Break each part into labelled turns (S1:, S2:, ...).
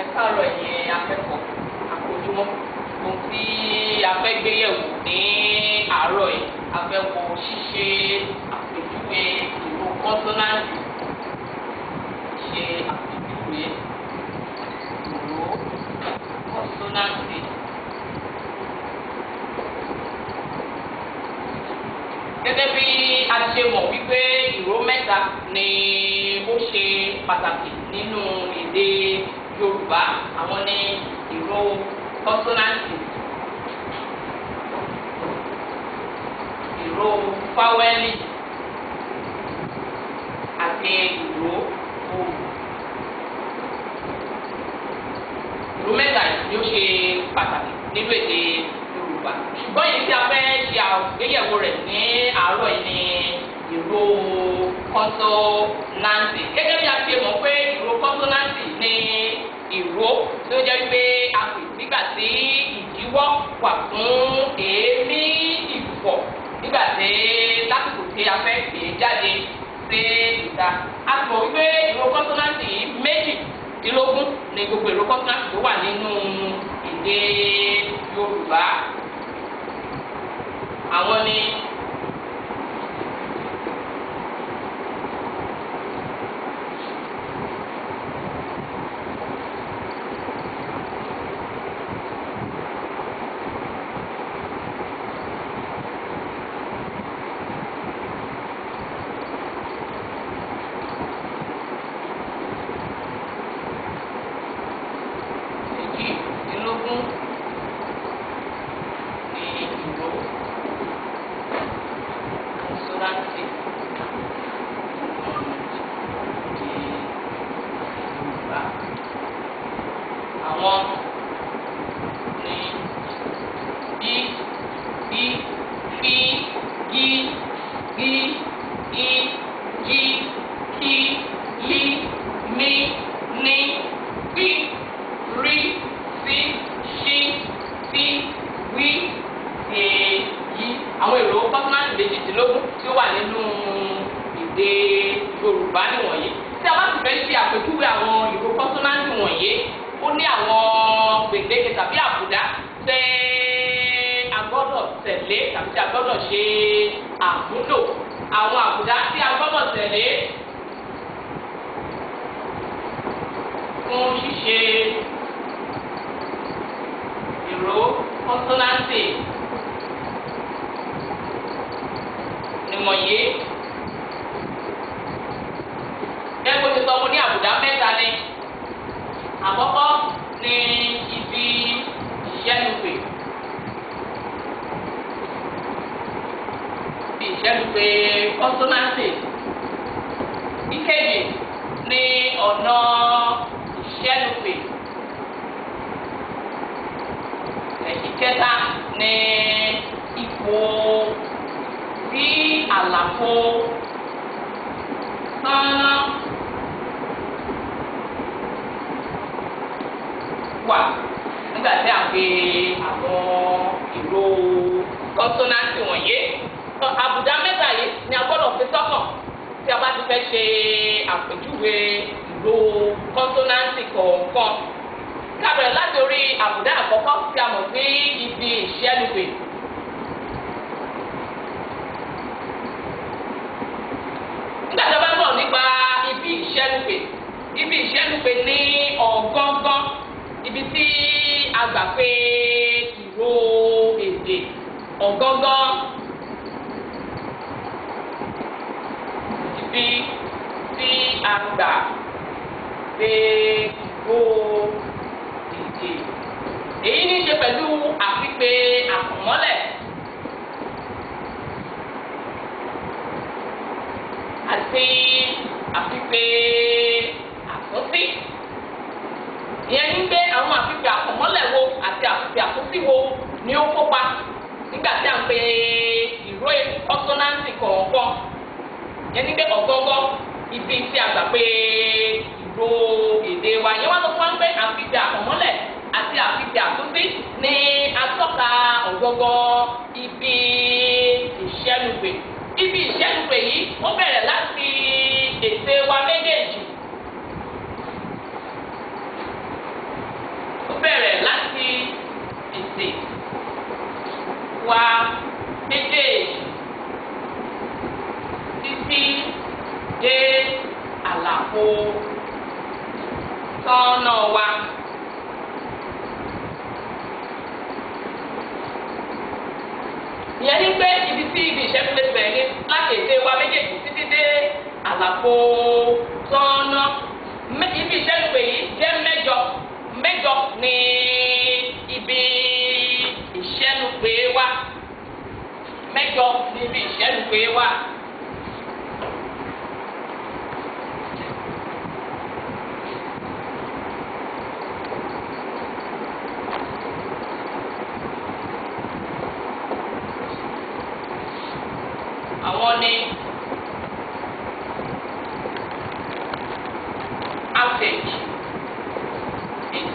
S1: ẹ káàárọ̀ ẹ̀yin akẹ́kọ̀ọ́ àkójúmọ́ ohun tí a fẹ́ gbé yẹ̀wò ní àárọ̀ yìí a fẹ́ wo ṣíṣe àpèjúwe ìlú kọ́ńsọ́náǹtì ṣe àpèjúwe ìlú kọ́ńsọ́náǹtì. gẹ́gẹ́ bí a ṣe mọ̀ wípé ìró mẹ́ta ni ó ṣe pàtàkì nínú èdè yorùbá àwọn ní ìró kọ́sọ́láǹtì ìró fáwẹ́lì àti ìró òòlù. ìró mẹ́ta ni ó ṣe pàtàkì nínú èdè yorùbá ṣùgbọ́n yìí tí a fẹ́ ṣe àgbéyẹ̀wò rẹ̀ ní àárọ̀ yìí ni ìró kọ́sọ́láǹtì. wà fún èémí ìfọ̀ nígbà tí lásìkò tí a fẹ́ pè é jáde sí ìta. a sì mọ̀ wípé ìró yìí méjìdínlógún ni gbogbo ìró kọ́ńtọ́láǹtì tó wà nínú èdè Yorùbá. àwọn ni. Gracias. gbèdéke tàbí àbùdá ṣe agbọ́dọ̀ tẹ̀lé tàbí ṣe agbọ́dọ̀ ṣe àmúlò àwọn àbùdá tí agbọ́dọ̀ tẹ̀lé fún ṣíṣe ìró kọ́ńtọ́náǹtì ni wọ̀nyí. máa ń sè. ìkejì ní ọ̀nà ìṣẹ́lùpè. ìkẹta ní ipò tí àlàfo tán wà nígbà tí a gbé àwọn ìlò kọ́ńsónáǹtì wọ̀nyé àbùdá mẹ́ta yìí ni a gbọ́dọ̀ fi sọ́kàn tí a bá ti fẹ́ ṣe àpèjúwe ìlò kọ́ńsónáǹtì kọ̀ọ̀kan. kábẹ̀rẹ̀ láti orí àbùdá àkọ́kọ́ tí a mọ̀ sí ibi ìṣẹ́lùwè.
S2: nígbà tí a bá ń bọ̀ nípa
S1: ibi ìṣẹ́lùwè ibi ìṣẹ́lùwè ní ọ̀gángán ibi tí a gbà pé ìró èdè ọ̀gángán. tí tí a ń gbà pé gbó dìde. Èyí ní í ṣe pẹ̀lú àfipè àkùnmọ́lẹ̀. Àti àfipè àkúnfí. Ìyẹn ní pé àwọn àfipè àkùnmọ́lẹ̀ wo àti àfipè àkúnfí wo ni ó kópa nígbà tí a ń pe ìró kọ́sọ́náǹtì kọ̀ọ̀kan yẹni pé ọ̀gọ́gọ́ ibi tí a gbà pé ìró èdè wa yẹn wá lọ fún wa pé àfijì àkànmọ́lẹ̀ àti àfijì àtúntí ní atọ́ka ọ̀gọ́gọ́ ibi ìṣẹ́nugbè ibi ìṣẹ́nugbè yìí ó bẹ̀rẹ̀ láti èdè wa méjèèjì
S2: ó bẹ̀rẹ̀ láti. wá. ìyẹn ní pé ibi
S1: tí ibi ìṣẹ́gun lè bẹ̀rẹ̀ ní láti ètè wa méjèèjì títí dé àlàfo tọ́nà ibi ìṣẹ́gun pè yìí jẹ́ mẹ́jọ mẹ́jọ ní ibi ìṣẹ́gun pè wá mẹ́jọ ní ibi ìṣẹ́gun pè wá.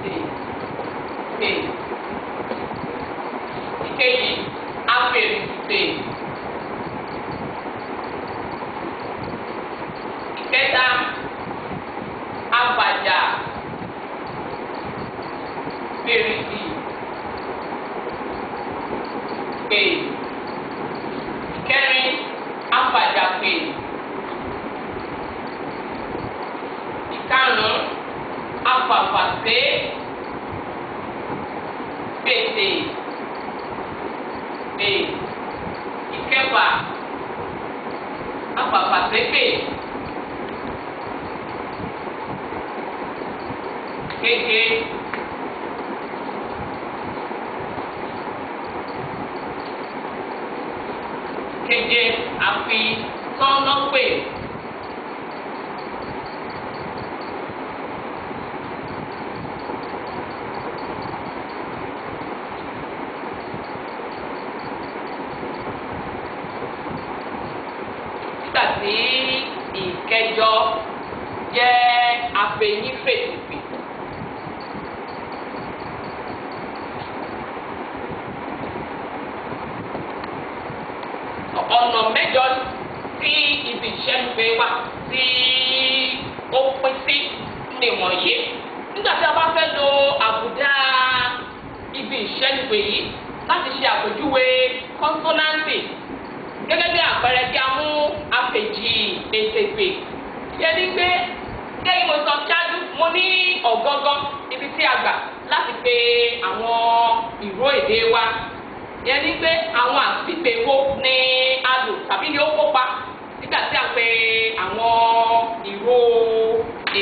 S1: pè ìkejì apèrè pè ìkẹta abàjà pèrè pè. ATP. mfe nyi mfetufị ọ̀nà mẹ́jọ tí ibi ìṣẹ́nugbé wà tí ó pín sí nìwọ̀nyí nígbà tí a bá fẹ́ lo àbùdá ibi ìṣẹ́nugbé yìí láti ṣe àpèjúwe kọ́ńsónáǹtì gẹ́gẹ́ bí àpẹẹrẹ tí a mú àpèjì ètègbè yẹn ní pé gẹ́gẹ́ bí mo sọ ṣáájú mo ní ọ̀gángan ibi tí a gbà láti pe àwọn ìró èdè wa yẹn ni pé àwọn àfipè wo ni a lò tàbí ni ó kópa nígbà tí a pe àwọn ìró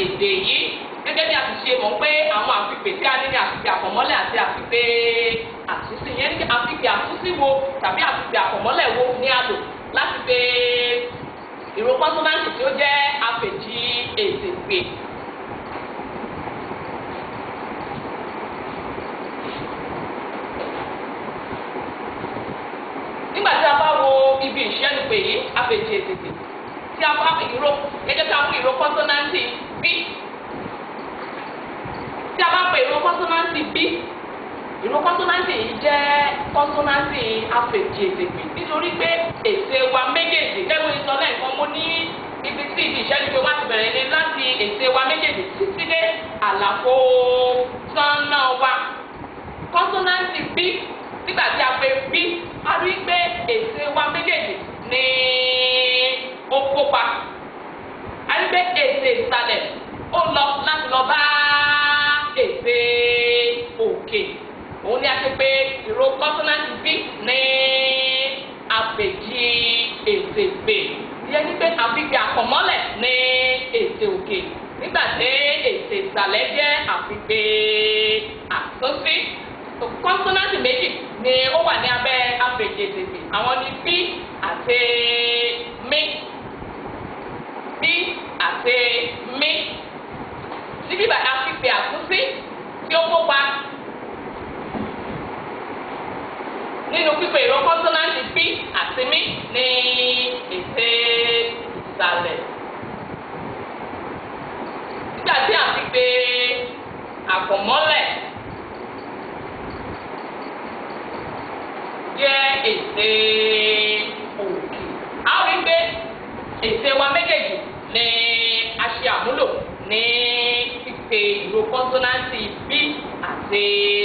S1: èdè yìí gẹ́gẹ́ bí a ti ṣe mọ̀ pé àwọn àfipè tí a ní ní àfipè àkọ̀mọ́lẹ̀ àti àfipè àtúnṣe yẹn ni àfipè àtúnṣe wo tàbí àfipè àkọ̀mọ́lẹ̀ wo ni a lò láti pe ìró kọ́sọ́nàtì tí ó jẹ́ àpèjì ètè pè. nígbà tí a bá wo ibi ìṣẹ́nu pè yí àpèjì ètè pè tí a bá ìró gẹ́gẹ́ tí a mú ìró kọ́sọ́nàtì bí tí a bá pè ìró kọ́sọ́nàtì bí ìró kọ́sọ́nàtì yìí jẹ́ kọ́sọ́nàtì àfẹ̀jì ètèpè nítorí pé ètè wa méjèèjì lẹ́wọ̀n ìsọ lẹ́ẹ̀kan mo ní ibi tí ibi ìṣẹ́jú pé wá ti bẹ̀rẹ̀ ní láti ètè wa méjèèjì títí dé àlàfo sánà wa kọ́sọ́nàtì bí nígbà tí a pe bí a rí ìró kọ́sọ́nàtì bí ní àpèjì ètè gbè yẹ ní pé àfihàn àkọ̀mọ́lẹ̀ ní ètè òkè nígbà tí ètè ìsàlẹ̀ jẹ́ àfihàn àtúnṣí kọ́sọ́nàtì méjì ni ó wà ní abẹ́ àpèjì ètè gbè àwọn ni bí àti mí bí àti mí níbí bàtà fífi àtúnṣí tí ó kópa.
S2: nínú pípé ìran kọ́ńsọ́náǹtì
S1: bí àti mí ní ètè ìsàlẹ̀.
S2: nígbà tí a ti
S1: pe àkànmọ́lẹ̀ jẹ́ ètè òkè. a rí pé wa méjèèjì ni a ṣe àmúlò ní pípé ìran kọ́ńsọ́náǹtì bí àti.